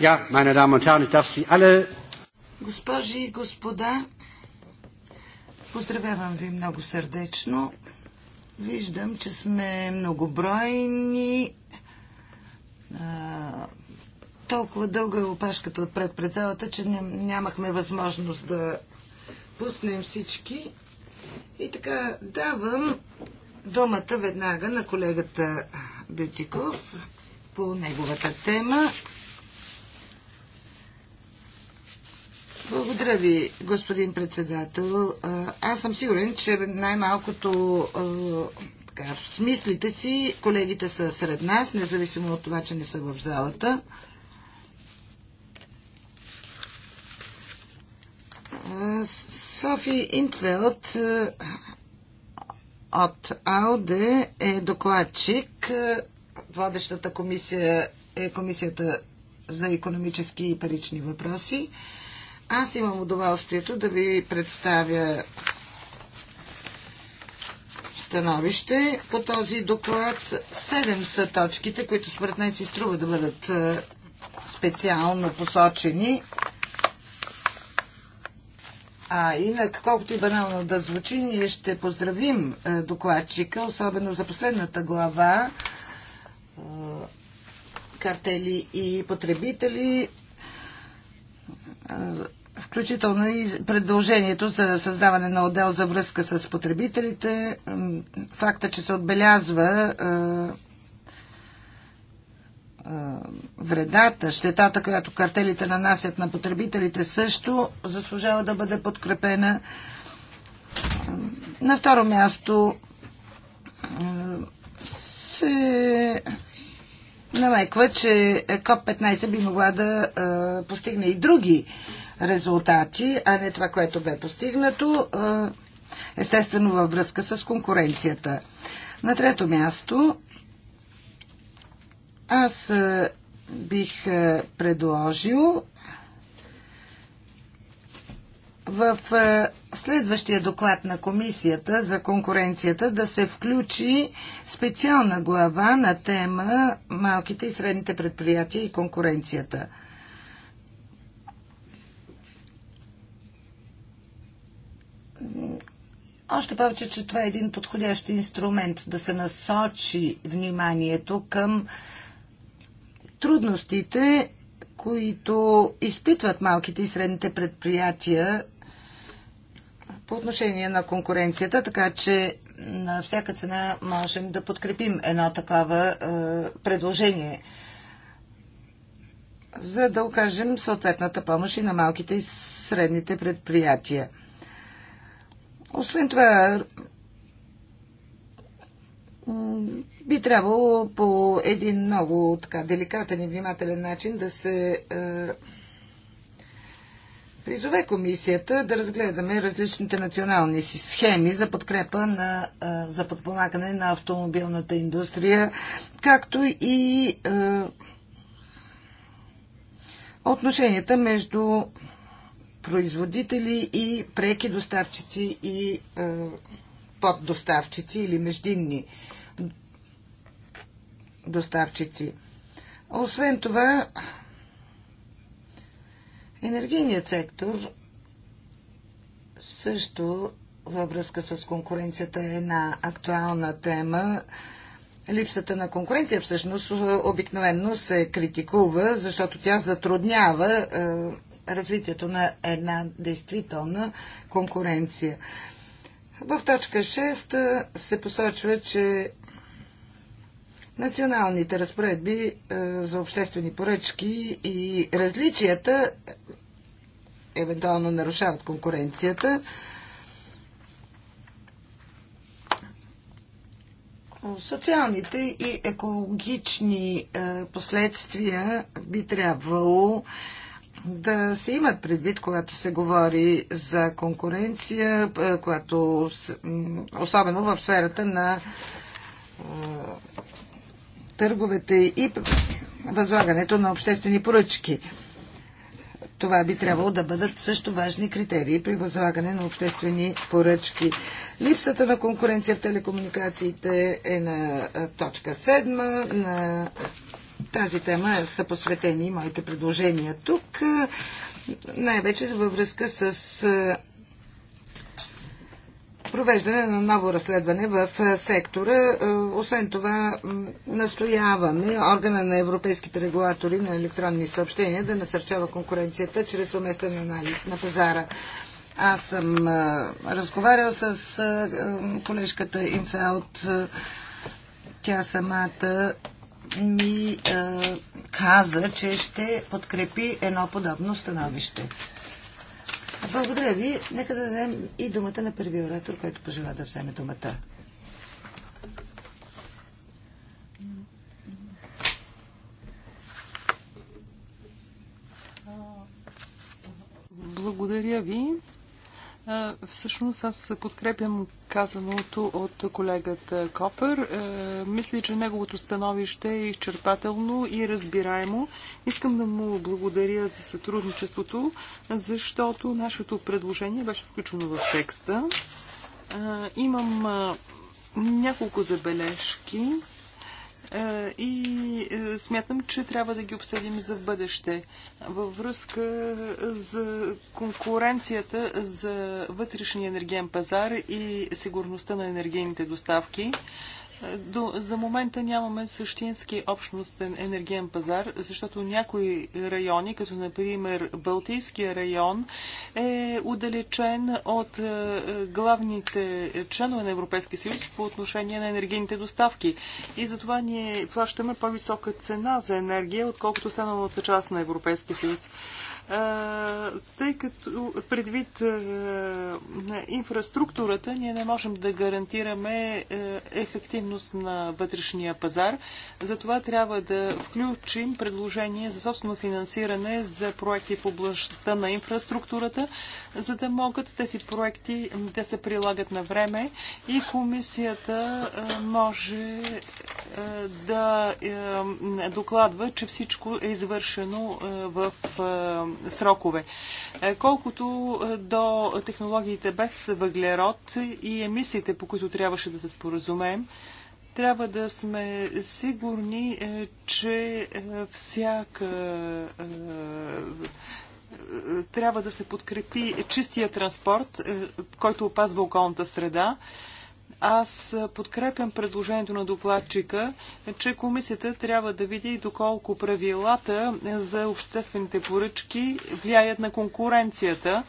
Ja, meine Damen und Herren, ich darf Sie alle... Госпожи и господа, поздравявам ви много сърдечно. Виждам, че сме многобройни. А, толкова дълга е опашката отпред пред залата, че нямахме възможност да пуснем всички. И така, давам думата веднага на колегата Бютиков по неговата тема Благодаря ви, господин председател. Аз съм сигурен, че най-малкото в смислите си колегите са сред нас, независимо от това, че не са в залата. Софи Интвелт от АОДЕ е докладчик. Водещата комисия е Комисията за економически и парични въпроси. Аз имам удоволствието да ви представя становище по този доклад. Седем са точките, които според мен си струва да бъдат е, специално посочени. А инак, колкото и банално да звучи, ние ще поздравим е, докладчика, особено за последната глава е, картели и потребители включително и предложението за създаване на отдел за връзка с потребителите, факта, че се отбелязва вредата, щетата, която картелите нанасят на потребителите също заслужава да бъде подкрепена. На второ място се намеква, че е КОП-15 би могла да постигне и други резултати, а не това, което бе постигнато, естествено във връзка с конкуренцията. На трето място, аз бих предложил в следващия доклад на Комисията за конкуренцията да се включи специална глава на тема малките и средните предприятия и конкуренцията – Още повече, че това е един подходящ инструмент да се насочи вниманието към трудностите, които изпитват малките и средните предприятия по отношение на конкуренцията, така че на всяка цена можем да подкрепим едно такова е, предложение, за да окажем съответната помощ и на малките и средните предприятия. Освен това, би трябвало по един много така деликатен и внимателен начин да се е, призове комисията да разгледаме различните национални си схеми за подкрепа на, е, за подпомагане на автомобилната индустрия, както и е, отношенията между производители и преки доставчици и е, поддоставчици или междинни доставчици. Освен това, енергийният сектор също във връзка с конкуренцията е една актуална тема. Липсата на конкуренция всъщност обикновенно се критикува, защото тя затруднява е, развитието на една действителна конкуренция. В точка 6 се посочва, че националните разпоредби за обществени поръчки и различията евентуално нарушават конкуренцията. Социалните и екологични последствия би трябвало да се имат предвид, когато се говори за конкуренция, която, особено в сферата на търговете и възлагането на обществени поръчки. Това би трябвало да бъдат също важни критерии при възлагане на обществени поръчки. Липсата на конкуренция в телекомуникациите е на точка 7, на тази тема са посветени моите предложения тук, най-вече във връзка с провеждане на ново разследване в сектора. Освен това, настояваме органа на европейските регулатори на електронни съобщения да насърчава конкуренцията чрез уместен анализ на пазара. Аз съм разговарял с колежката Инфелт. Тя самата ми е, каза, че ще подкрепи едно подобно становище. Благодаря ви. Нека да дадем и думата на първи оратор, който пожела да вземе думата. Благодаря ви. Всъщност аз подкрепям казаното от колегата Копър. Мисля, че неговото становище е изчерпателно и разбираемо. Искам да му благодаря за сътрудничеството, защото нашето предложение беше включено в текста. Имам няколко забележки. Е, и е, смятам, че трябва да ги обсъдим за в бъдеще. Във връзка за конкуренцията за вътрешния енергиен пазар и сигурността на енергийните доставки, до, за момента нямаме същински общностен енергиен пазар, защото някои райони, като например Балтийския район, е удалечен от е, главните членове на Европейския съюз по отношение на енергийните доставки. И затова ние плащаме по-висока цена за енергия, отколкото останалата част на Европейския съюз тъй като предвид на инфраструктурата, ние не можем да гарантираме ефективност на вътрешния пазар. Затова трябва да включим предложение за собствено финансиране за проекти в областта на инфраструктурата, за да могат тези проекти да се прилагат на време и комисията може да докладва, че всичко е извършено в срокове. Е, колкото е, до технологиите без въглерод и емисиите, по които трябваше да се споразумеем, трябва да сме сигурни, е, че всяка трябва да се подкрепи чистия транспорт, който опазва околната среда. Аз подкрепям предложението на докладчика, че комисията трябва да види доколко правилата за обществените поръчки влияят на конкуренцията.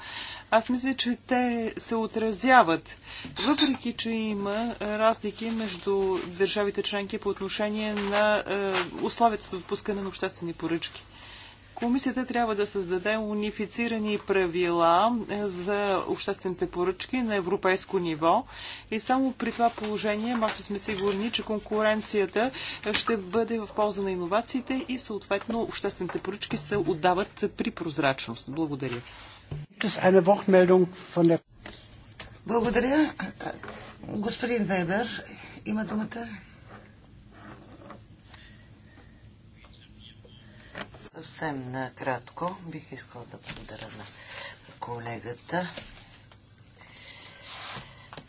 Аз мисля, че те се отразяват, въпреки че има разлики между държавите членки по отношение на е, условията за отпускане на обществени поръчки. Комисията трябва да създаде унифицирани правила е, за обществените поръчки на европейско ниво и само при това положение може да сме сигурни, че конкуренцията е, ще бъде в полза на иновациите и съответно обществените поръчки се отдават при прозрачност. Благодаря. Благодаря. Господин Вебер има думата. Съвсем накратко бих искала да благодаря на колегата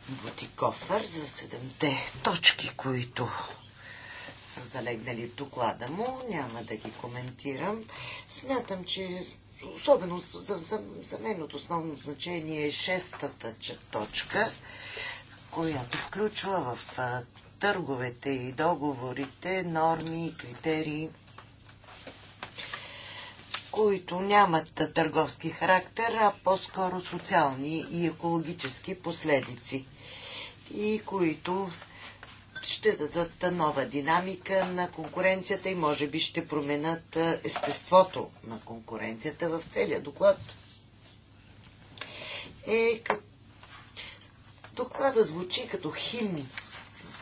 Бутикофър за седемте точки, които са залегнали в доклада му. Няма да ги коментирам. Смятам, че особено за, за, за мен от основно значение е шестата точка, която включва в търговете и договорите норми и критерии които нямат търговски характер, а по-скоро социални и екологически последици и които ще дадат нова динамика на конкуренцията и може би ще променят естеството на конкуренцията в целия доклад. Е, кът... Доклада звучи като химн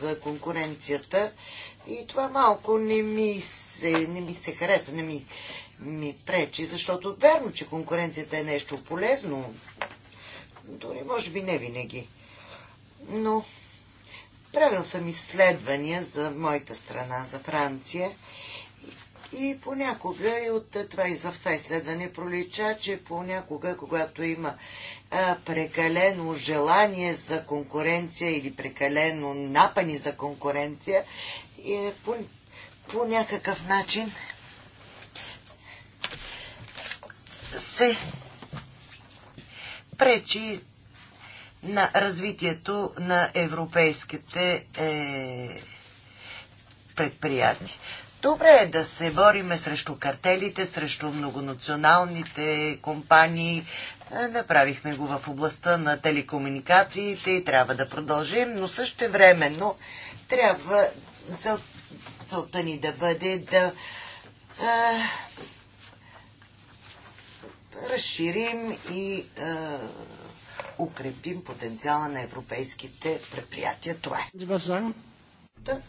за конкуренцията и това малко не ми се, не ми се харесва, не ми, ми пречи, защото верно, че конкуренцията е нещо полезно, дори може би не винаги. Но правил съм изследвания за моята страна, за Франция. И понякога и от това, и за това изследване пролича, че понякога, когато има а, прекалено желание за конкуренция или прекалено напани за конкуренция, е, по, по някакъв начин се пречи на развитието на европейските е, предприятия. Добре е да се бориме срещу картелите, срещу многонационалните компании. Е, направихме го в областта на телекомуникациите и трябва да продължим, но също времено трябва цел, целта ни да бъде да е, разширим и е, укрепим потенциала на европейските предприятия. Това е. Да.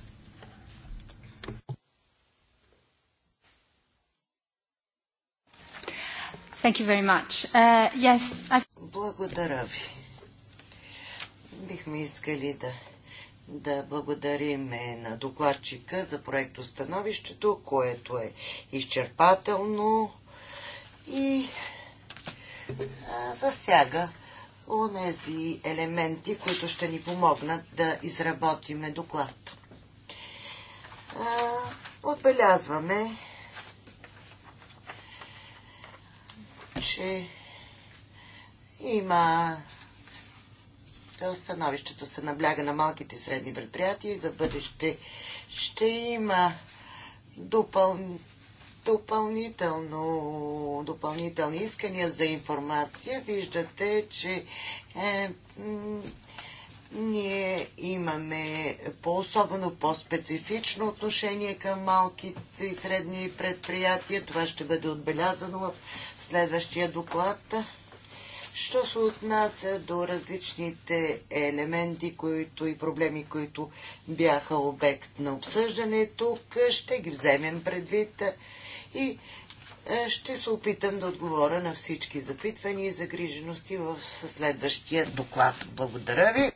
Thank you very much. Uh, yes, I... Благодаря ви. Бихме искали да, да благодарим на докладчика за становището, което е изчерпателно и засяга онези елементи, които ще ни помогнат да изработиме доклад. Отбелязваме, че има становището се набляга на малките и средни предприятия и за бъдеще ще има допълнително допълнително, допълнителни искания за информация. Виждате, че е, ние имаме по-особено, по-специфично отношение към малките и средни предприятия. Това ще бъде отбелязано в следващия доклад. Що се отнася до различните елементи които и проблеми, които бяха обект на обсъждане, тук ще ги вземем предвид и е, ще се опитам да отговоря на всички запитвания и загрижености в следващия доклад. Благодаря ви.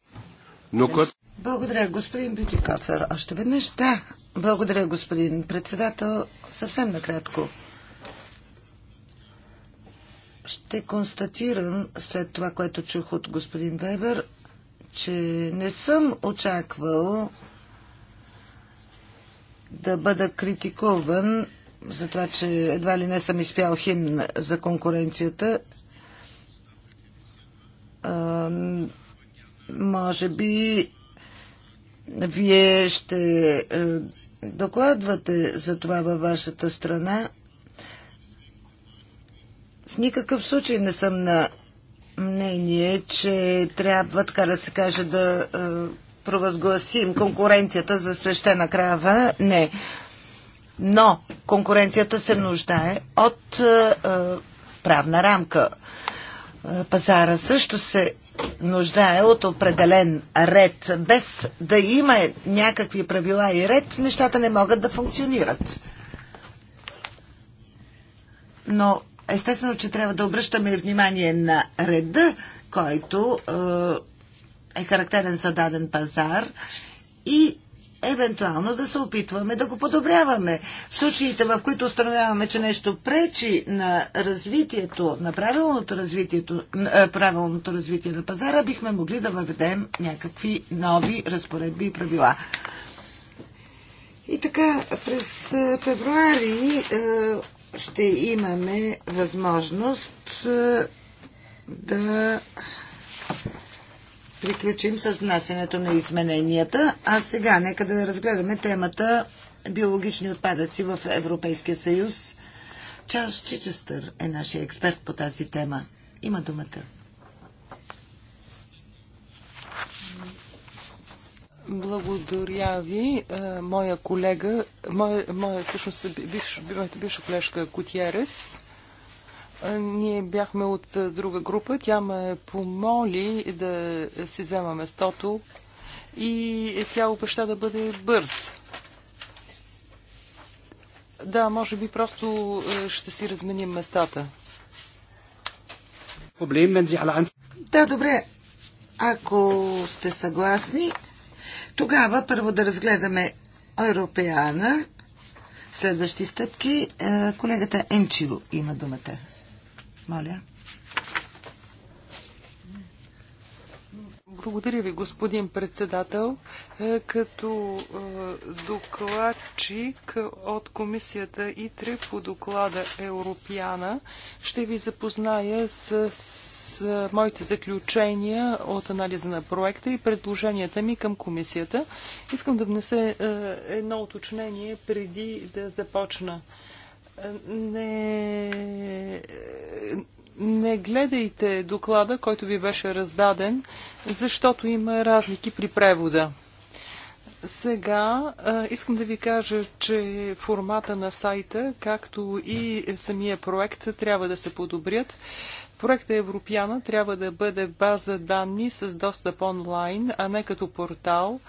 Но кът... Благодаря, господин Бютикафер. Още веднъж, да. Благодаря, господин председател. Съвсем накратко. Ще констатирам след това, което чух от господин Вебер, че не съм очаквал да бъда критикуван за това, че едва ли не съм изпял химн за конкуренцията. А, може би вие ще а, е, докладвате за това във вашата страна. В никакъв случай не съм на мнение, че трябва, така да се каже, да а, е, провъзгласим конкуренцията за свещена крава. Не. А, но конкуренцията се нуждае от е, е, правна рамка. Е, пазара също се нуждае от определен ред. Без да има някакви правила и ред, нещата не могат да функционират. Но естествено, че трябва да обръщаме внимание на реда, който е характерен за даден пазар и евентуално да се опитваме да го подобряваме. В случаите, в които установяваме, че нещо пречи на развитието, на правилното, развитието, е, правилното развитие на пазара, бихме могли да въведем някакви нови разпоредби и правила. И така, през е, февруари е, ще имаме възможност да приключим с внасенето на измененията. А сега нека да разгледаме темата биологични отпадъци в Европейския съюз. Чарлз Чичестър е нашия експерт по тази тема. Има думата. Благодаря ви. Е, моя колега, моя, моя всъщност бивш, моята бивша колежка Кутиерес. Ние бяхме от друга група. Тя ме помоли да си взема местото и тя обеща да бъде бърз. Да, може би просто ще си разменим местата. Да, добре. Ако сте съгласни, тогава първо да разгледаме Европеана. Следващи стъпки. Е, колегата Енчио има думата. Моля. Благодаря ви, господин председател. Е, като е, докладчик от комисията ИТРЕ по доклада Европяна ще ви запозная с, е, моите заключения от анализа на проекта и предложенията ми към комисията. Искам да внеса едно уточнение преди да започна не, не гледайте доклада, който ви беше раздаден, защото има разлики при превода. Сега а, искам да ви кажа, че формата на сайта, както и самия проект, трябва да се подобрят. Проектът е Европяна трябва да бъде база данни с достъп онлайн, а не като портал.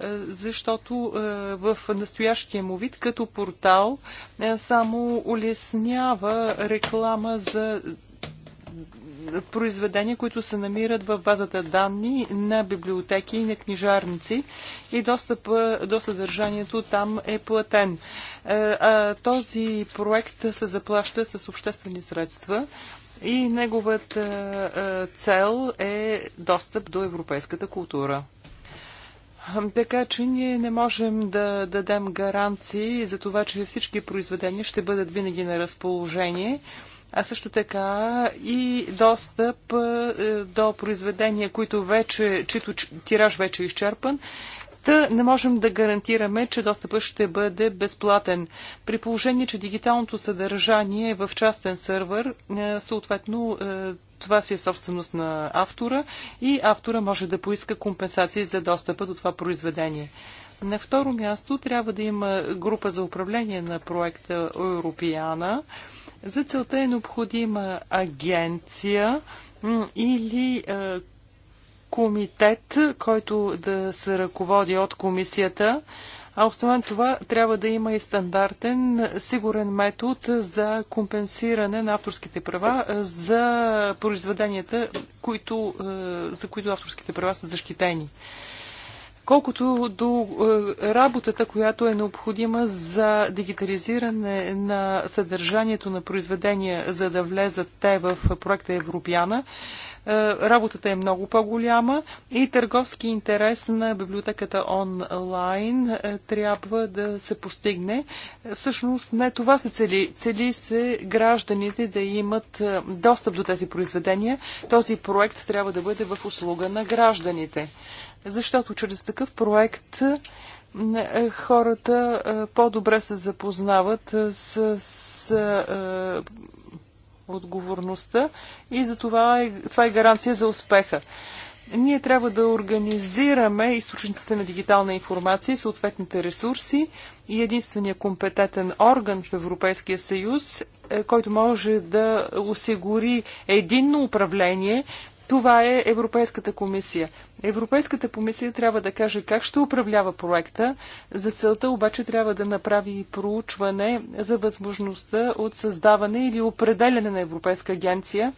Е, защото е, в настоящия му вид като портал е, само улеснява реклама за произведения, които се намират в базата данни на библиотеки и на книжарници и достъп до съдържанието там е платен. Този проект се заплаща с обществени средства и неговата цел е достъп до европейската култура. Така че ние не можем да дадем гаранции за това, че всички произведения ще бъдат винаги на разположение, а също така и достъп е, до произведения, които вече, чието тираж вече е изчерпан, Та не можем да гарантираме, че достъпът ще бъде безплатен. При положение, че дигиталното съдържание е в частен сървър, е, съответно е, това си е собственост на автора и автора може да поиска компенсации за достъпа до това произведение. На второ място трябва да има група за управление на проекта Европиана. За целта е необходима агенция или е, комитет, който да се ръководи от комисията. А освен това, трябва да има и стандартен, сигурен метод за компенсиране на авторските права за произведенията, които, за които авторските права са защитени. Колкото до работата, която е необходима за дигитализиране на съдържанието на произведения, за да влезат те в проекта Европяна, е, работата е много по-голяма и търговски интерес на библиотеката онлайн е, трябва да се постигне. Всъщност не това се цели. Цели се гражданите да имат е, достъп до тези произведения. Този проект трябва да бъде в услуга на гражданите. Защото чрез такъв проект хората по-добре се запознават с, с отговорността и за това е, това е гаранция за успеха. Ние трябва да организираме източниците на дигитална информация и съответните ресурси и единствения компетентен орган в Европейския съюз, е, който може да осигури единно управление това е Европейската комисия. Европейската комисия трябва да каже как ще управлява проекта. За целта обаче трябва да направи проучване за възможността от създаване или определене на Европейска агенция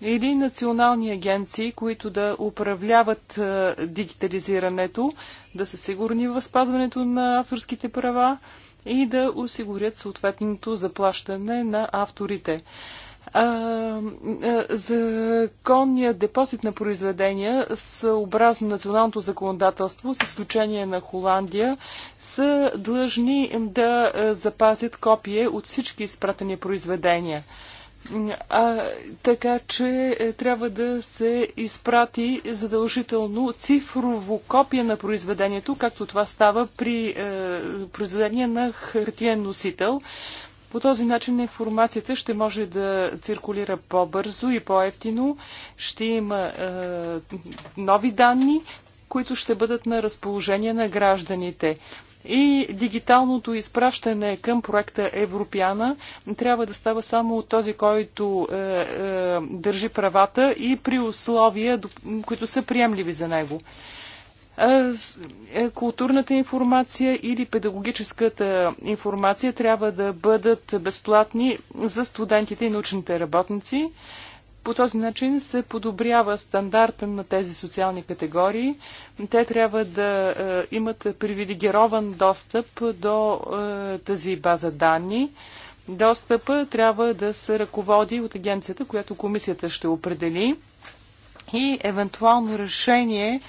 или национални агенции, които да управляват е, дигитализирането, да са сигурни в спазването на авторските права и да осигурят съответното заплащане на авторите законният депозит на произведения съобразно националното законодателство, с изключение на Холандия, са длъжни да запазят копие от всички изпратени произведения. А, така че е, трябва да се изпрати задължително цифрово копие на произведението, както това става при е, произведение на хартиен носител. По този начин информацията ще може да циркулира по-бързо и по-ефтино. Ще има е, нови данни, които ще бъдат на разположение на гражданите. И дигиталното изпращане към проекта Европяна трябва да става само от този, който е, е, държи правата и при условия, които са приемливи за него. Е, културната информация или педагогическата информация трябва да бъдат безплатни за студентите и научните работници. По този начин се подобрява стандарта на тези социални категории. Те трябва да е, имат привилегирован достъп до е, тази база данни. Достъпа трябва да се ръководи от агенцията, която комисията ще определи и евентуално решение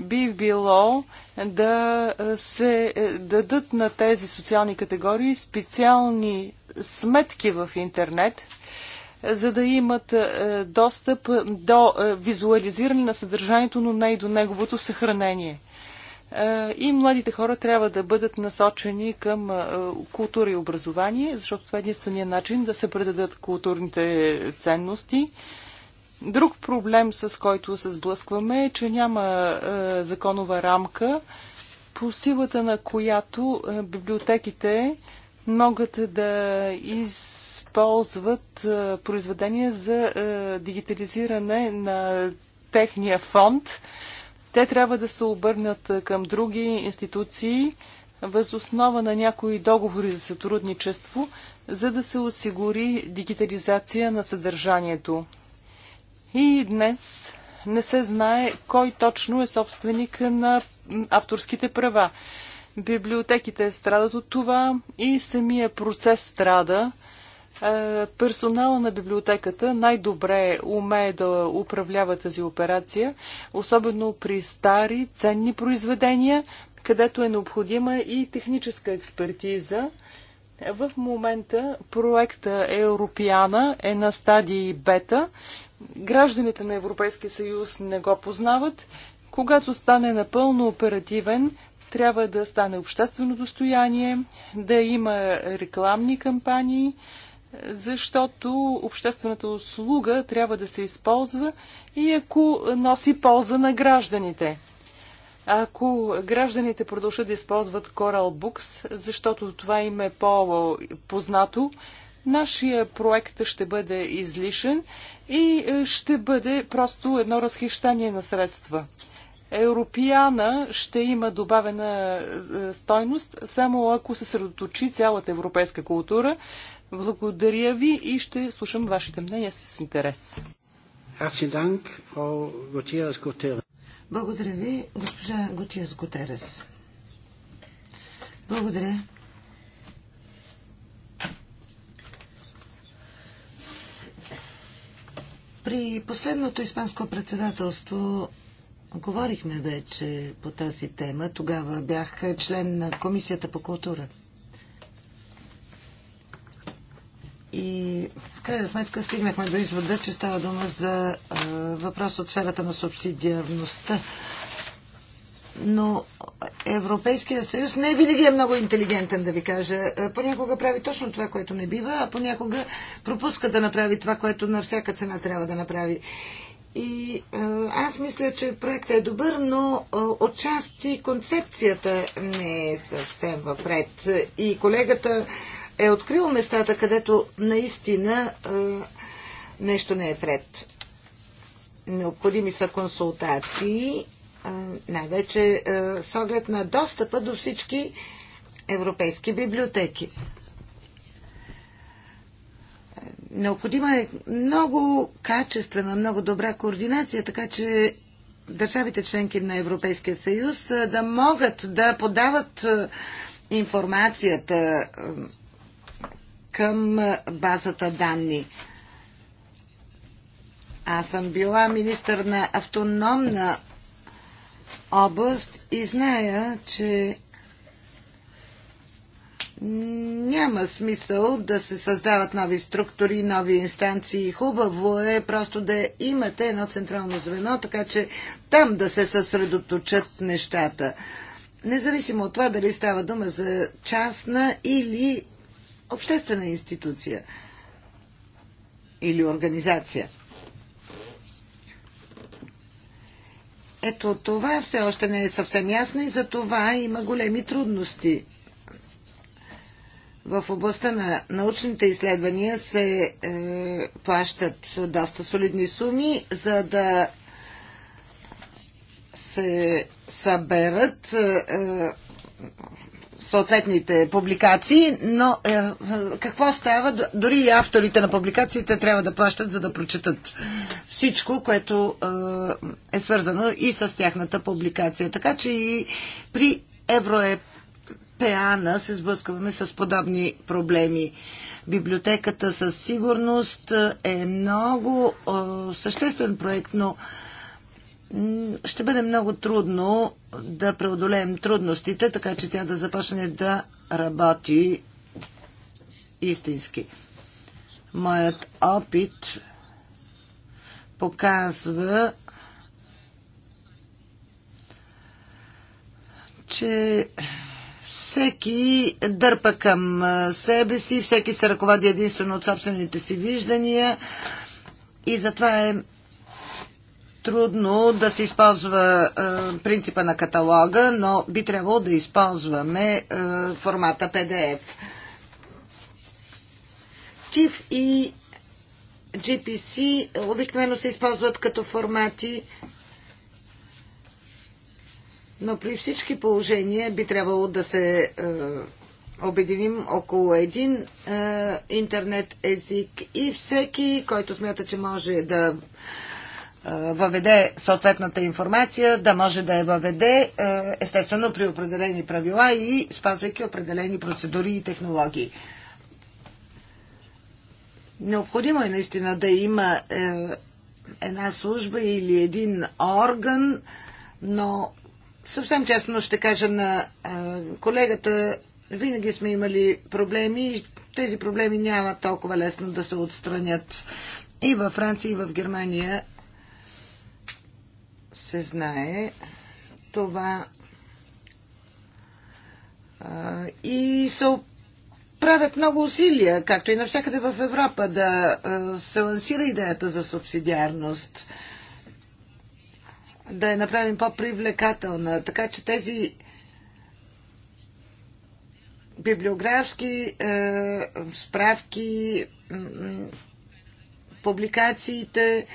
би било да е, се е, дадат на тези социални категории специални сметки в интернет, за да имат е, достъп до визуализиране на съдържанието, но не и до неговото съхранение. И младите хора трябва да бъдат насочени към култура и образование, защото това е единствения начин да се предадат културните ценности Друг проблем, с който се сблъскваме е, че няма е, законова рамка, по силата на която е, библиотеките могат да използват е, произведения за е, дигитализиране на техния фонд. Те трябва да се обърнат е, към други институции възоснова на някои договори за сътрудничество, за да се осигури дигитализация на съдържанието. И днес не се знае кой точно е собственик на авторските права. Библиотеките страдат от това и самия процес страда. Е, персонала на библиотеката най-добре умее да управлява тази операция, особено при стари, ценни произведения, където е необходима и техническа експертиза. В момента проекта Европиана е на стадии бета гражданите на Европейския съюз не го познават. Когато стане напълно оперативен, трябва да стане обществено достояние, да има рекламни кампании, защото обществената услуга трябва да се използва и ако носи полза на гражданите. Ако гражданите продължат да използват Coral Books, защото това им е по-познато, нашия проект ще бъде излишен и е, ще бъде просто едно разхищение на средства. Европеяна ще има добавена е, стойност, само ако се средоточи цялата европейска култура. Благодаря ви и ще слушам вашите мнения с интерес. Благодаря ви, госпожа Готиас Готерес. Благодаря. При последното испанско председателство говорихме вече по тази тема. Тогава бях член на Комисията по култура. И в крайна сметка стигнахме до извода, че става дума за а, въпрос от сферата на субсидиарността. Но Европейския съюз не винаги е много интелигентен, да ви кажа. Понякога прави точно това, което не бива, а понякога пропуска да направи това, което на всяка цена трябва да направи. И е, аз мисля, че проектът е добър, но е, отчасти концепцията не е съвсем въпред. И колегата е открил местата, където наистина е, нещо не е вред. Необходими са консултации най-вече с оглед на достъпа до всички европейски библиотеки. Необходима е много качествена, много добра координация, така че държавите членки на Европейския съюз да могат да подават информацията към базата данни. Аз съм била министър на автономна област и зная, че няма смисъл да се създават нови структури, нови инстанции. Хубаво е просто да имате едно централно звено, така че там да се съсредоточат нещата. Независимо от това дали става дума за частна или обществена институция или организация. Ето това все още не е съвсем ясно и за това има големи трудности. В областта на научните изследвания се е, плащат доста солидни суми, за да се съберат е, е съответните публикации, но е, какво става? Дори и авторите на публикациите трябва да плащат, за да прочитат всичко, което е, е свързано и с тяхната публикация. Така че и при Евроепеана се сблъскваме с подобни проблеми. Библиотеката със сигурност е, е много е, съществен проект, но е, ще бъде много трудно да преодолеем трудностите, така че тя да започне да работи истински. Моят опит показва, че всеки дърпа към себе си, всеки се ръководи единствено от собствените си виждания и затова е трудно да се използва е, принципа на каталога, но би трябвало да използваме е, формата PDF. TIFF и GPC обикновено се използват като формати, но при всички положения би трябвало да се е, обединим около един е, интернет език и всеки, който смята, че може да въведе съответната информация, да може да я въведе, естествено при определени правила и спазвайки определени процедури и технологии. Необходимо е наистина да има е, една служба или един орган, но съвсем честно ще кажа на е, колегата, винаги сме имали проблеми и тези проблеми няма толкова лесно да се отстранят. И във Франция, и в Германия се знае това и се правят много усилия, както и навсякъде в Европа, да се лансира идеята за субсидиарност, да я направим по-привлекателна, така че тези библиографски справки, публикациите,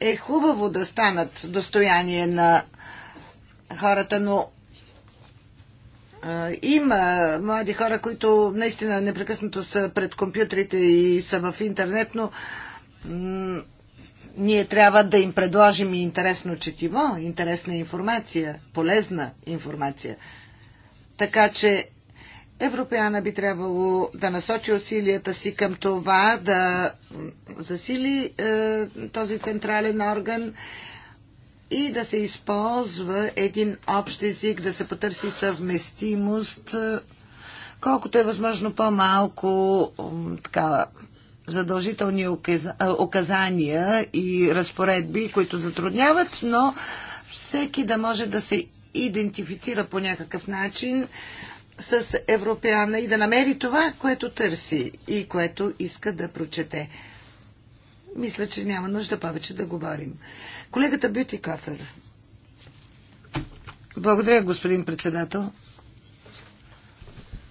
е хубаво да станат достояние на хората, но има млади хора, които наистина непрекъснато са пред компютрите и са в интернет, но ние трябва да им предложим и интересно четиво, интересна информация, полезна информация. Така че Европеана би трябвало да насочи усилията си към това да засили е, този централен орган и да се използва един общ език, да се потърси съвместимост, е, колкото е възможно по-малко така, задължителни е, указания и разпоредби, които затрудняват, но всеки да може да се идентифицира по някакъв начин с Европеана и да намери това, което търси и което иска да прочете. Мисля, че няма нужда повече да говорим. Колегата Бюти Кафер. Благодаря, господин председател.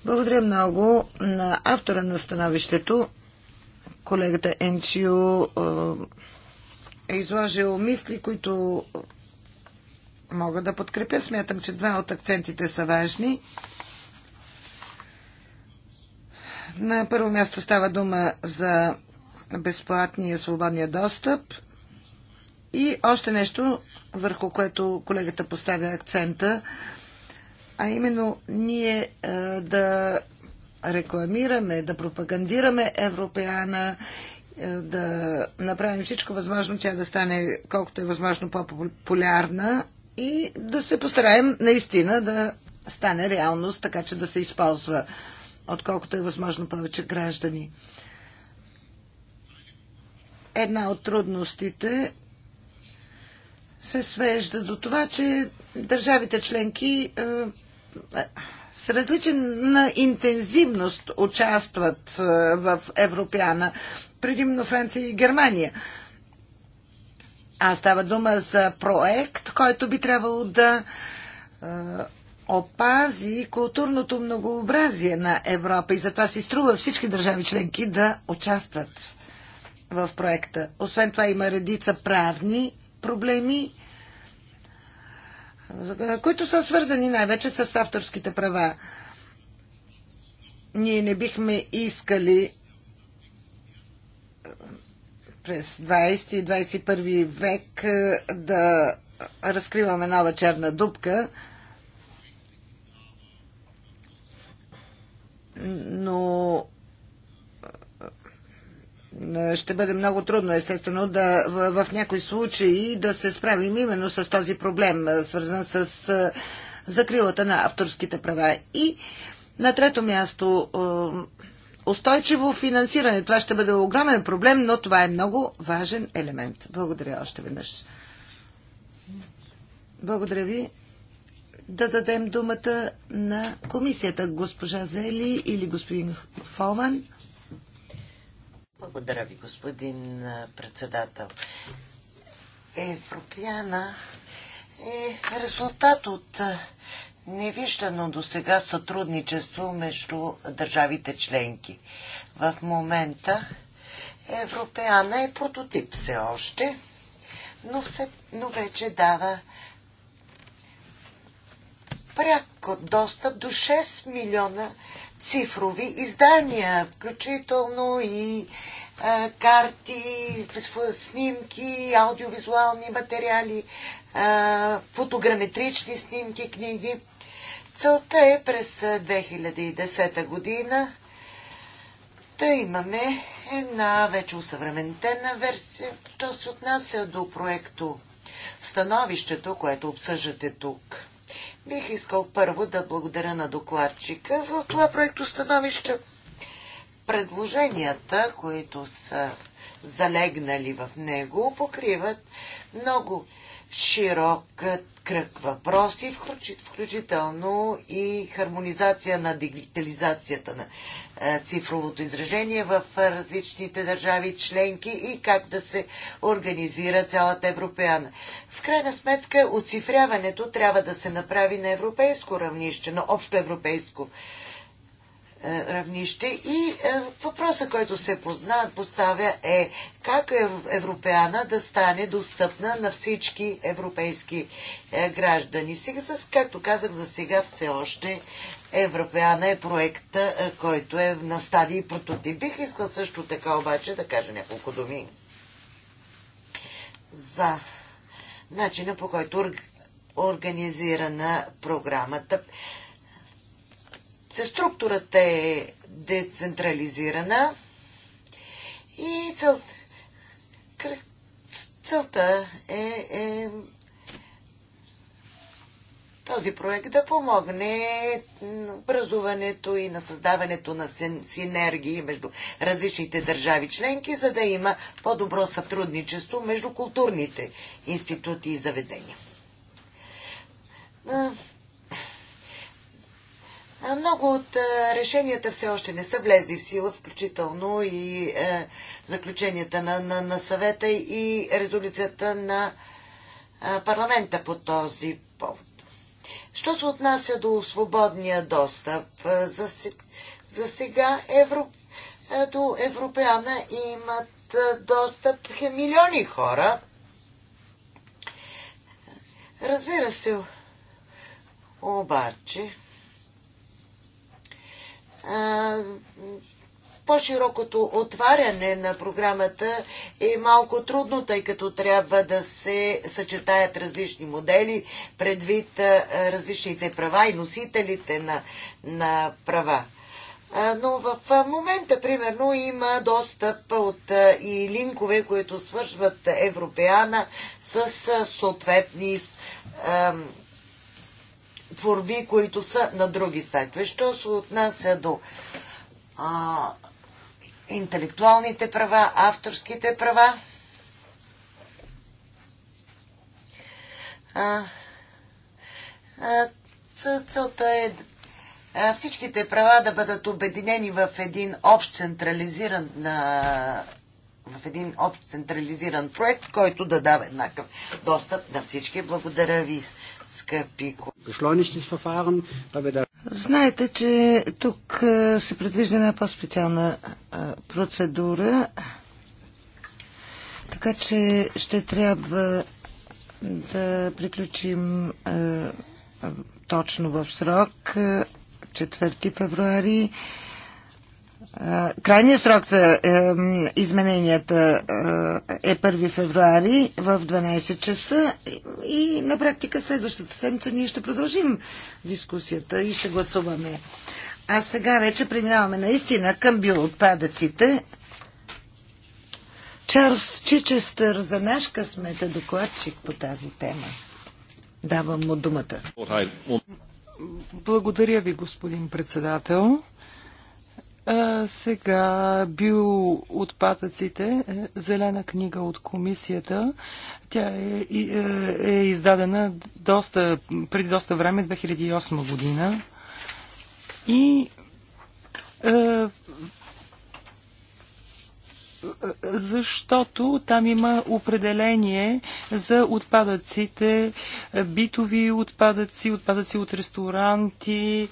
Благодаря много на автора на становището, колегата Енчио е, е изложил мисли, които мога да подкрепя. Смятам, че два от акцентите са важни. На първо място става дума за безплатния свободния достъп и още нещо, върху което колегата поставя акцента, а именно ние е, да рекламираме, да пропагандираме Европеана, е, да направим всичко възможно тя да стане колкото е възможно по-популярна и да се постараем наистина да стане реалност, така че да се използва отколкото е възможно повече граждани. Една от трудностите се свежда до това, че държавите членки е, е с различна интензивност участват е, в Европеана, предимно Франция и Германия. А става дума за проект, който би трябвало да е, опази културното многообразие на Европа и затова си струва всички държави членки да участват в проекта. Освен това има редица правни проблеми, които са свързани най-вече с авторските права. Ние не бихме искали през 20 21 век е, да разкриваме нова черна дупка, но е, ще бъде много трудно, естествено, да в, в някои случаи да се справим именно с този проблем, е, свързан с е, закрилата на авторските права. И на трето място устойчиво финансиране. Това ще бъде огромен проблем, но това е много важен елемент. Благодаря още веднъж. Благодаря ви да дадем думата на комисията. Госпожа Зели или господин Фоман? Благодаря ви, господин председател. Европиана е резултат от невиждано до сега сътрудничество между държавите членки. В момента Европеяна е прототип все още, но, все, но вече дава пряк достъп до 6 милиона цифрови издания, включително и а, е, карти, снимки, аудиовизуални материали, а, е, фотограметрични снимки, книги. Целта е през 2010 е, година да имаме една вече усъвременена версия, що се отнася до проекто становището, което обсъждате тук. Бих искал първо да благодаря на докладчика за това проекто становище. Предложенията, които са залегнали в него, покриват много широк кръг въпроси, включително и хармонизация на дигитализацията на е, цифровото изражение в е, различните държави членки и как да се организира цялата европеяна. В крайна сметка, оцифряването трябва да се направи на европейско равнище, на общо европейско равнище е, равнище. И е, въпросът, който се позна, поставя е как Европеана да стане достъпна на всички европейски е, граждани. Сега, както казах, за сега все още Европеана е проект, който е на стадии прототип. Бих искал също така обаче да кажа няколко думи за начина по който организирана програмата. Структурата е децентрализирана и цел, целта е, е този проект да помогне образуването и на създаването на синергии между различните държави членки, за да има по-добро сътрудничество между културните институти и заведения. Много от решенията все още не са влезли в сила, включително и е, заключенията на, на, на съвета и резолюцията на парламента по този повод. Що се отнася до свободния достъп? За, за сега евро, до Европеана имат достъп милиони хора. Разбира се, обаче, по-широкото отваряне на програмата е малко трудно, тъй като трябва да се съчетаят различни модели, предвид различните права и носителите на, на права. Но в момента, примерно, има достъп от и линкове, които свършват Европеана с съответни творби, които са на други сайтове. Що се отнася до а, интелектуалните права, авторските права, а, а, целта е всичките права да бъдат обединени в един общ централизиран на в един общ централизиран проект, който да дава еднакъв достъп на всички. Благодаря ви скъпи Знаете, че тук се предвижда една по-специална процедура, така че ще трябва да приключим точно в срок 4 февруари. Крайният срок за измененията е 1 е февруари в 12 часа и на практика следващата седмица ние ще продължим дискусията и ще гласуваме. А сега вече преминаваме наистина към биоотпадъците. Чарлз Чичестър за наш късмет е докладчик по тази тема. Давам му думата. Благодаря ви, господин председател. А, сега отпадъците е, зелена книга от комисията. Тя е, е, е издадена доста, преди доста време, 2008 година. И е, защото там има определение за отпадъците, битови отпадъци, отпадъци от ресторанти,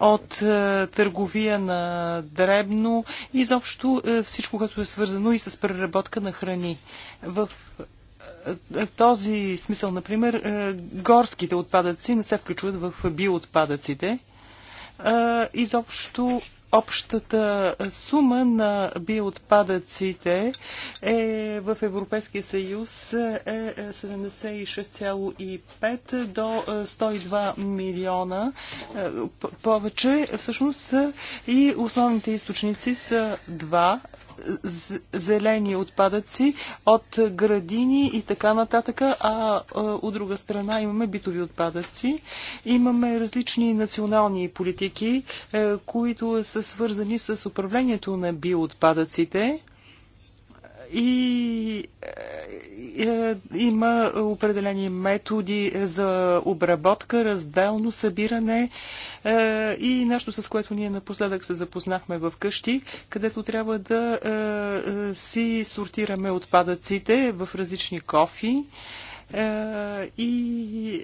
от е, търговия на дребно, изобщо е, всичко, което е свързано и с преработка на храни. В е, този смисъл, например, горските отпадъци не се включват в биоотпадъците. Изобщо Общата сума на биоотпадъците е в Европейския съюз е 76,5 е, до 102 е, милиона е, повече. Всъщност и основните източници са два зелени отпадъци от градини и така нататък, а от друга страна имаме битови отпадъци. Имаме различни национални политики, е, които са свързани с управлението на биоотпадъците и е, е, има определени методи за обработка, разделно събиране е, и нещо, с което ние напоследък се запознахме в къщи, където трябва да е, си сортираме отпадъците в различни кофи и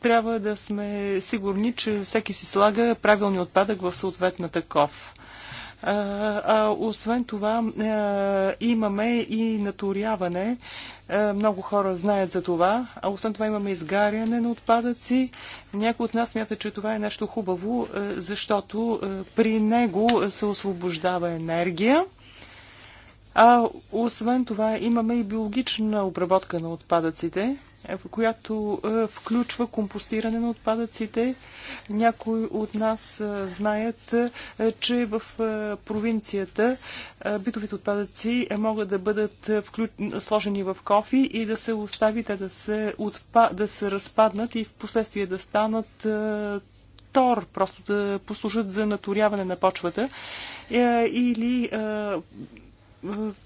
трябва да сме сигурни, че всеки си слага правилния отпадък в съответната кофа. А, освен това, имаме и наторяване. Много хора знаят за това. А освен това имаме изгаряне на отпадъци. Някои от нас смятат, че това е нещо хубаво, защото при него се освобождава енергия. А освен това имаме и биологична обработка на отпадъците която е, включва компостиране на отпадъците. Някои от нас е, знаят, е, че в провинцията битовите отпадъци могат да бъдат вклю... сложени в кофи и да се остави те да се, отпа... да се разпаднат и в последствие да станат тор, просто да послужат за наторяване на почвата или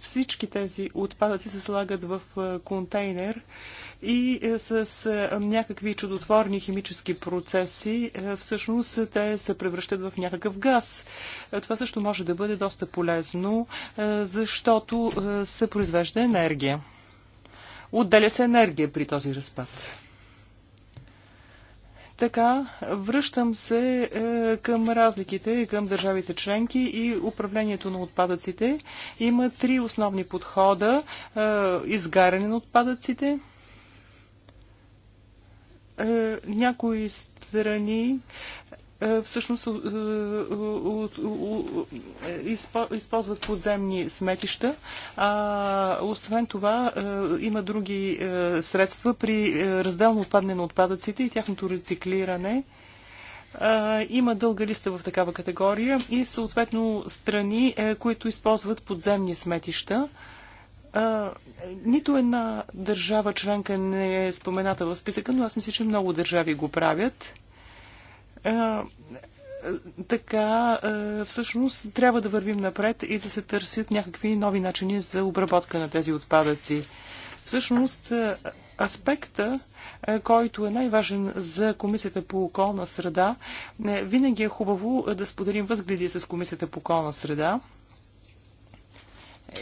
всички тези отпадъци се слагат в контейнер и е, с някакви чудотворни химически процеси е, всъщност те се превръщат в някакъв газ. Е, това също може да бъде доста полезно, защото се произвежда енергия. Отделя се енергия при този разпад. Така, връщам се е, към разликите към държавите членки и управлението на отпадъците. Има три основни подхода. Е, изгаряне на отпадъците. Е, някои страни е, всъщност е, е, използват подземни сметища. А, освен това, има други средства при разделно отпадане на отпадъците и тяхното рециклиране има дълга листа в такава категория и съответно страни, които използват подземни сметища. Нито една държава членка не е спомената в списъка, но аз мисля, че много държави го правят така всъщност трябва да вървим напред и да се търсят някакви нови начини за обработка на тези отпадъци. Всъщност аспекта, който е най-важен за Комисията по околна среда, е, винаги е хубаво да споделим възгледи с Комисията по околна среда.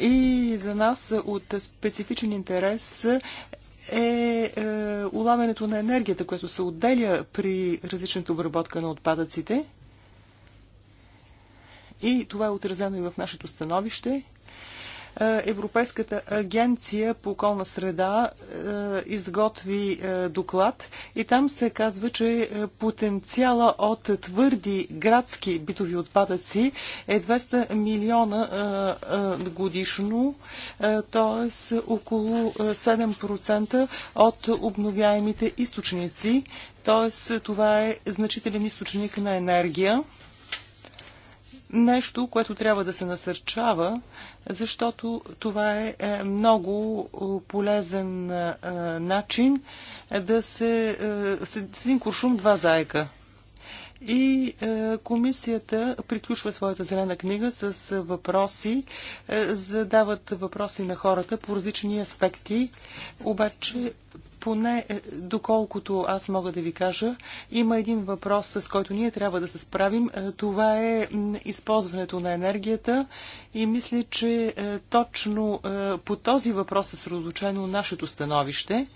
И за нас от специфичен интерес е, е, е улавянето на енергията, която се отделя при различната обработка на отпадъците. И това е отразено и в нашето становище. Е, Европейската агенция по околна среда е, изготви е, доклад и там се казва, че потенциала от твърди градски битови отпадъци е 200 милиона годишно, т.е. около 7% от обновяемите източници. Т.е. това е значителен източник на енергия нещо, което трябва да се насърчава, защото това е, е много е, полезен е, начин да се... С един куршум два заека. И комисията приключва своята зелена книга с въпроси, задават въпроси на хората по различни аспекти, обаче поне е, доколкото аз мога да ви кажа, има един въпрос, с който ние трябва да се справим. Е, това е използването на енергията и мисля, че е, точно по този въпрос е средоточено нашето становище.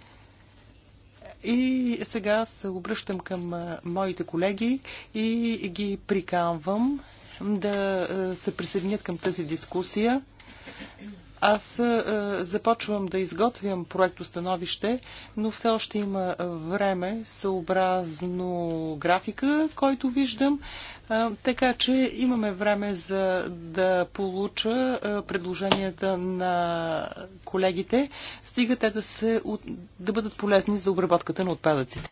И сега се обръщам към моите колеги и ги приканвам да се присъединят към тази дискусия. Аз а, е, започвам да изготвям проектостановище, но все още има време съобразно графика, който виждам. А, е, така че имаме време за да получа а, е, предложенията на колегите, стига те да, се, да бъдат полезни за обработката на отпадъците.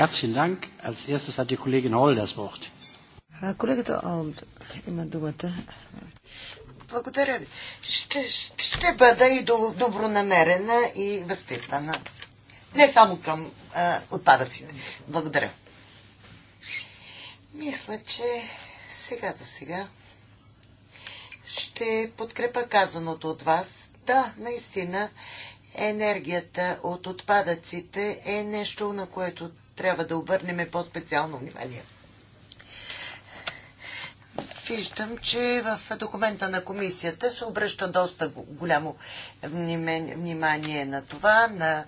Herzlichen Dank. Als erstes hat die Kollegin das Wort. Колегата Олд има думата. Благодаря ви. Ще, ще бъда и добронамерена и възпитана. Не само към а, отпадъците. Благодаря. Мисля, че сега за сега ще подкрепа казаното от вас. Да, наистина, енергията от отпадъците е нещо, на което трябва да обърнем по-специално внимание виждам, че в документа на комисията се обръща доста голямо внимание на това, на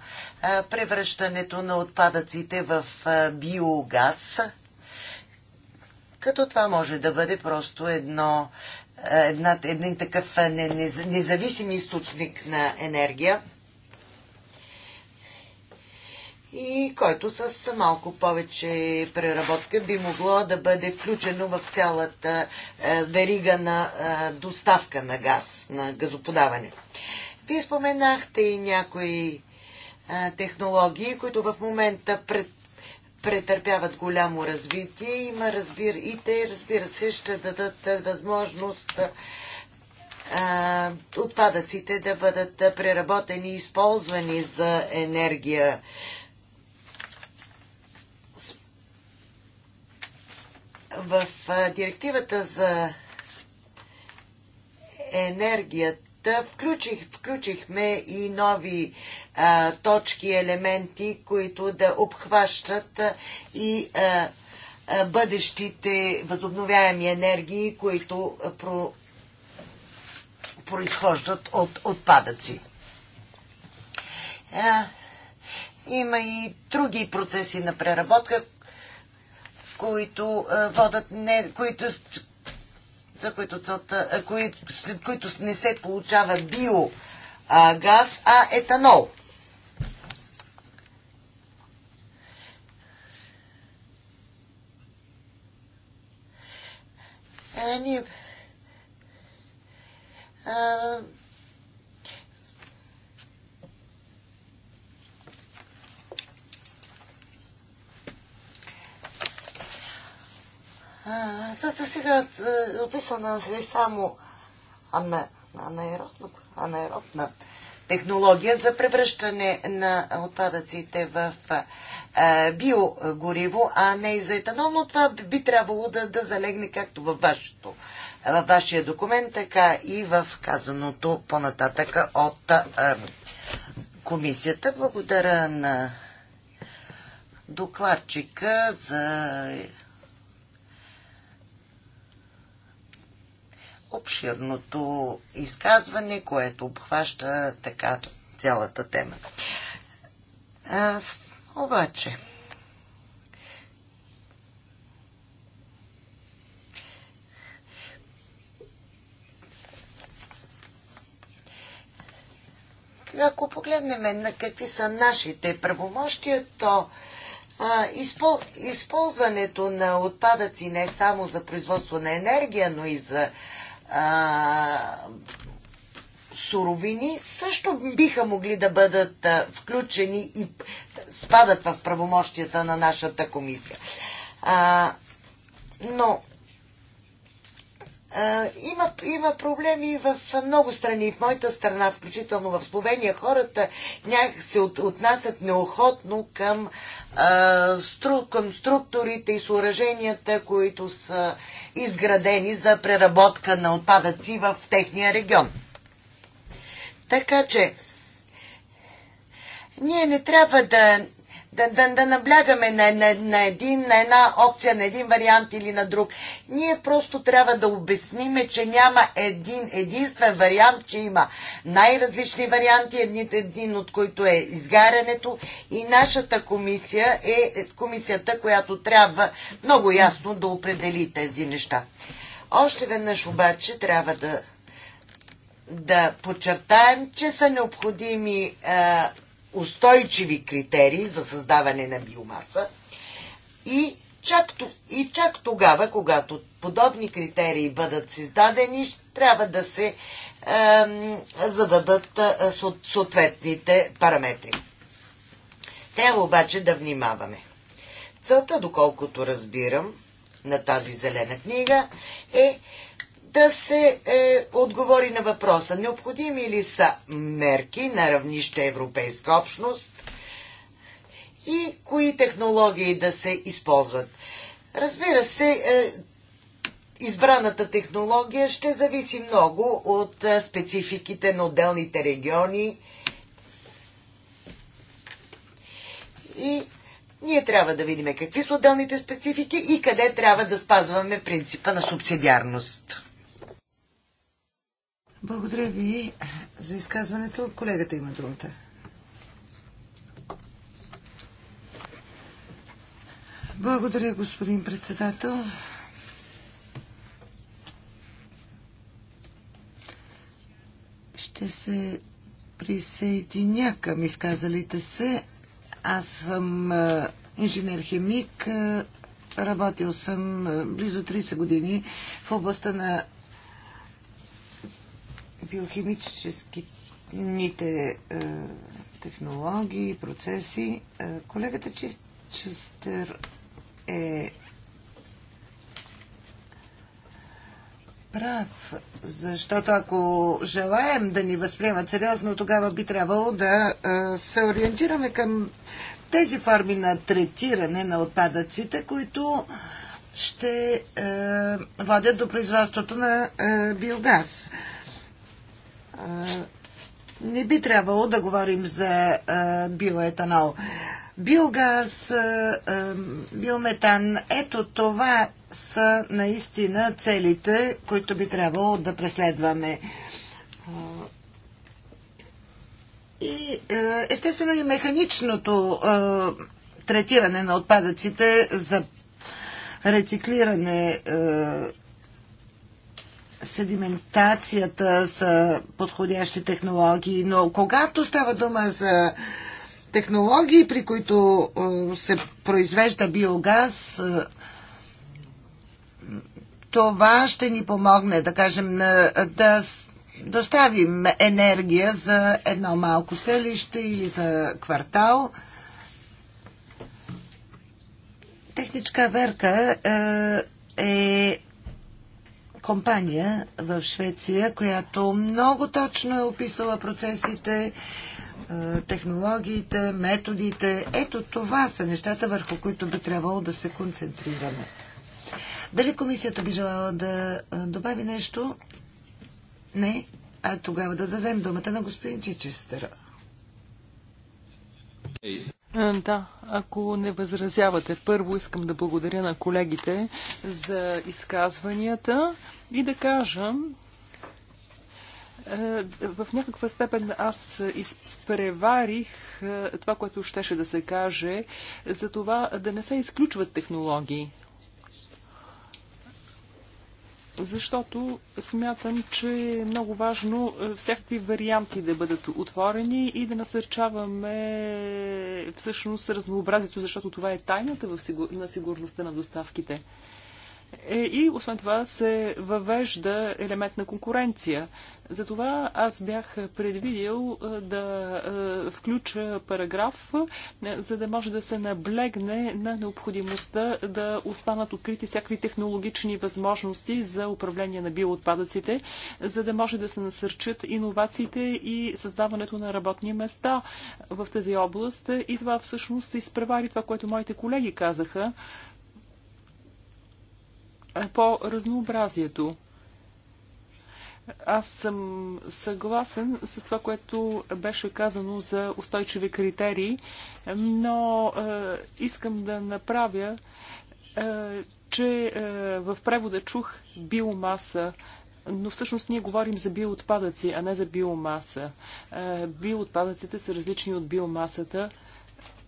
превръщането на отпадъците в биогаз, като това може да бъде просто едно, една, един такъв независим източник на енергия и който с малко повече преработка би могло да бъде включено в цялата е, верига на е, доставка на газ, на газоподаване. Вие споменахте и някои е, технологии, които в момента пред претърпяват голямо развитие. Има, разбира, и те, разбира се, ще дадат възможност а, отпадъците да бъдат преработени и използвани за енергия В директивата за енергията включих, включихме и нови а, точки, елементи, които да обхващат а, и а, а, бъдещите възобновяеми енергии, които а, про, произхождат от отпадъци. А, има и други процеси на преработка, които водат не, които, за които, целта, кои, след които не се получава биогаз, а етанол. Е, ние, а, За да сега е, описана е само анаеробна, анаеробна технология за превръщане на отпадъците в е, биогориво, а не и за етанол, но това би трябвало да, да залегне както във, вашето, във вашия документ, така и в казаното по нататък от а, е, комисията. Благодаря на докладчика за обширното изказване, което обхваща така цялата тема. А, обаче, ако погледнем на какви са нашите правомощия, то а, изпол, използването на отпадъци не само за производство на енергия, но и за а, суровини също биха могли да бъдат а, включени и спадат в правомощията на нашата комисия. А, но има, има проблеми в много страни. В моята страна, включително в Словения, хората някак се от, отнасят неохотно към, а, стру, към структурите и съоръженията, които са изградени за преработка на отпадъци в техния регион. Така че, ние не трябва да да, да, да наблягаме на, на, на, един, на една опция, на един вариант или на друг. Ние просто трябва да обясниме, че няма един единствен вариант, че има най-различни варианти, един, един от които е изгарянето и нашата комисия е комисията, която трябва много ясно да определи тези неща. Още веднъж обаче трябва да да подчертаем, че са необходими а, устойчиви критерии за създаване на биомаса и чак, и чак тогава, когато подобни критерии бъдат създадени, трябва да се е, зададат съответните параметри. Трябва обаче да внимаваме. Целта, доколкото разбирам, на тази зелена книга е да се е, отговори на въпроса. Необходими ли са мерки на равнище Европейска общност и кои технологии да се използват? Разбира се, е, избраната технология ще зависи много от е, спецификите на отделните региони и ние трябва да видим какви са отделните специфики и къде трябва да спазваме принципа на субсидиарност. Благодаря ви за изказването. Колегата има думата. Благодаря, господин председател. Ще се присъединя към изказалите се. Аз съм инженер-химик. Работил съм близо 30 години в областта на биохимическите е, технологии, процеси. Е, колегата Честер е прав, защото ако желаем да ни възприемат сериозно, тогава би трябвало да е, се ориентираме към тези форми на третиране на отпадъците, които ще водят до производството на биогаз не би трябвало да говорим за биоетанол. Биогаз, биометан, ето това са наистина целите, които би трябвало да преследваме. И естествено и механичното третиране на отпадъците за рециклиране седиментацията с подходящи технологии, но когато става дума за технологии, при които се произвежда биогаз, това ще ни помогне, да кажем, да доставим енергия за едно малко селище или за квартал. Техничка верка е компания в Швеция, която много точно е описала процесите, е, технологиите, методите. Ето това са нещата, върху които би трябвало да се концентрираме. Дали комисията би желала да е, добави нещо? Не. А тогава да дадем думата на господин Чичестър. Да, ако не възразявате, първо искам да благодаря на колегите за изказванията и да кажа, е, в някаква степен аз изпреварих е, това, което щеше да се каже, за това да не се изключват технологии защото смятам, че е много важно е, всякакви варианти да бъдат отворени и да насърчаваме е, всъщност разнообразието, защото това е тайната на сигурността на доставките. Е, и освен това се въвежда елемент на конкуренция. Затова аз бях предвидил е, да е, включа параграф, за да може да се наблегне на необходимостта да останат открити всякакви технологични възможности за управление на биоотпадъците, за да може да се насърчат иновациите и създаването на работни места в тази област. И това всъщност изпревари това, което моите колеги казаха. Е по разнообразието. Аз съм съгласен с това, което беше казано за устойчиви критерии, но е, искам да направя, е, че е, в превода чух биомаса, но всъщност ние говорим за биоотпадъци, а не за биомаса. Е, биоотпадъците са различни от биомасата. Е,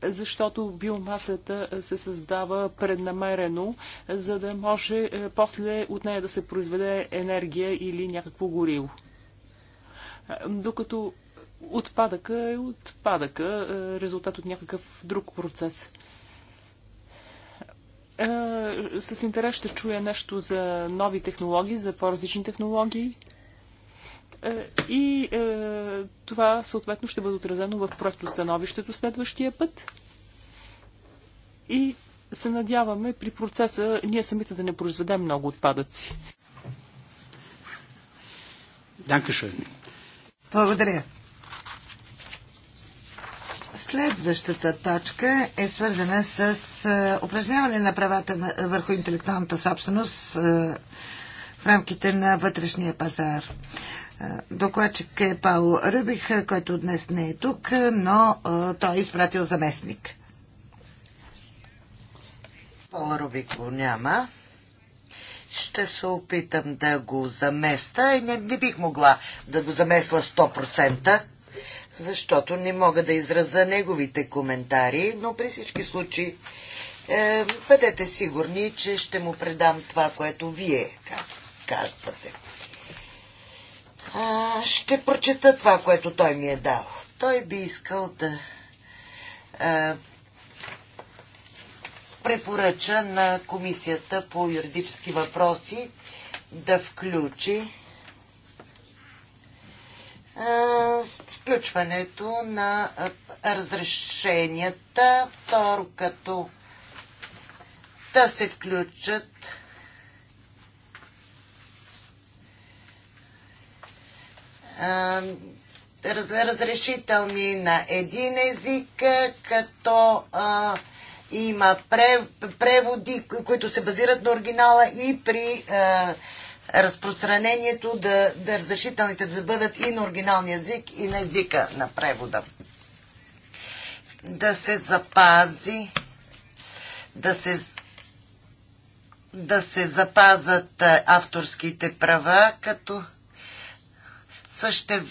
защото биомасата се създава преднамерено, за да може е, после от нея да се произведе енергия или някакво горило. Докато отпадъка е отпадъка, е, резултат от някакъв друг процес. Е, с интерес ще чуя нещо за нови технологии, за по-различни технологии. Е, и е, това съответно ще бъде отразено в проектостановището следващия път. И се надяваме при процеса ние самите да не произведем много отпадъци. Благодаря. Следващата точка е свързана с е, упражняване на правата върху интелектуалната собственост е, в рамките на вътрешния пазар. Докладчик е Пауло Рубих, който днес не е тук, но той е изпратил заместник. Пауло Рубих го няма. Ще се опитам да го заместа. Е, не, не бих могла да го замесла 100%, защото не мога да израза неговите коментари, но при всички случаи е, бъдете сигурни, че ще му предам това, което вие казвате а, ще прочета това, което той ми е дал. Той би искал да а, препоръча на Комисията по юридически въпроси да включи включването на разрешенията, второ като да се включат разрешителни на един език, като а, има преводи, които се базират на оригинала и при а, разпространението да, да разрешителните да бъдат и на оригиналния език, и на езика на превода. Да се запази, да се да се запазат авторските права, като съще...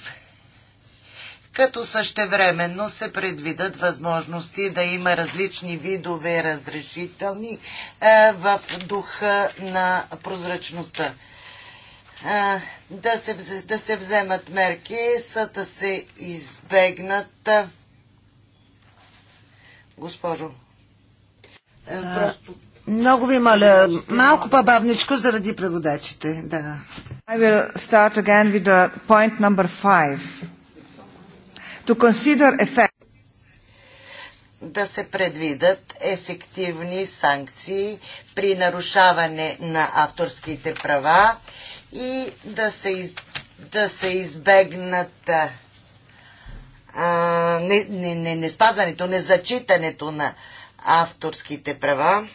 като същевременно се предвидат възможности да има различни видове разрешителни е, в духа на прозрачността. Е, да, се, да се вземат мерки, са да се избегнат. Е, госпожо, е, просто. Много ви моля, малко по-бавничко заради преводачите. Да. I will start again with the point number five. To consider effect да се предвидат ефективни санкции при нарушаване на авторските права и да се, из, да се избегнат а, не, не, не, не спазването, не зачитането на авторските права.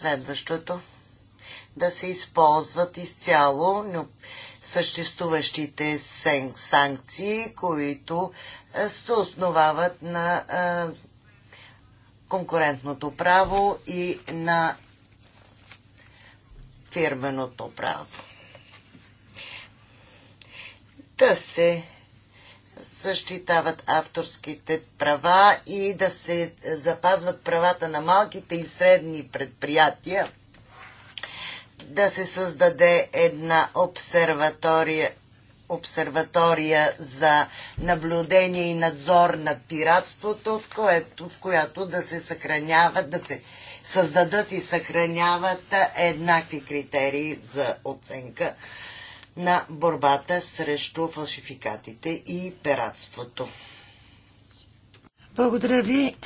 Следващото да се използват изцяло съществуващите санкции, които е, се основават на е, конкурентното право и на фирменото право. Да се защитават авторските права и да се запазват правата на малките и средни предприятия, да се създаде една обсерватория обсерватория за наблюдение и надзор на пиратството, в, което, в която да се съхраняват, да се създадат и съхраняват еднакви критерии за оценка на борбата срещу фалшификатите и пиратството. Благодаря ви.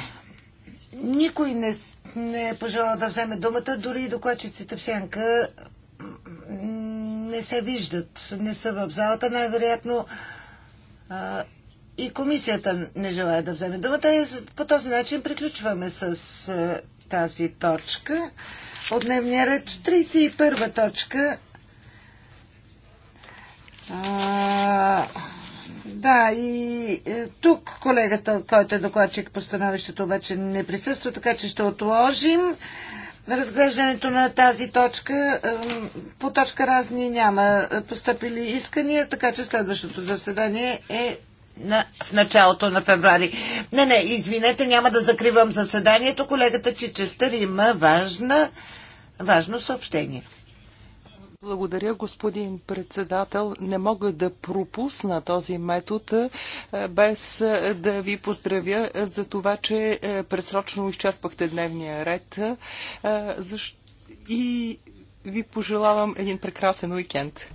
Никой не, не е пожелал да вземе думата, дори и докладчиците в сянка не се виждат, не са в залата. Най-вероятно и комисията не желая да вземе думата. И по този начин приключваме с тази точка от дневния ред. 31 точка да, и е, тук колегата, който е докладчик по становището, обаче не присъства, така че ще отложим разглеждането на тази точка. По точка разни няма поступили искания, така че следващото заседание е на, в началото на феврари. Не, не, извинете, няма да закривам заседанието. Колегата Чичестър има важна, важно съобщение. Благодаря, господин председател. Не мога да пропусна този метод е, без е, да ви поздравя за това, че е, предсрочно изчерпахте дневния ред и ви пожелавам един прекрасен уикенд.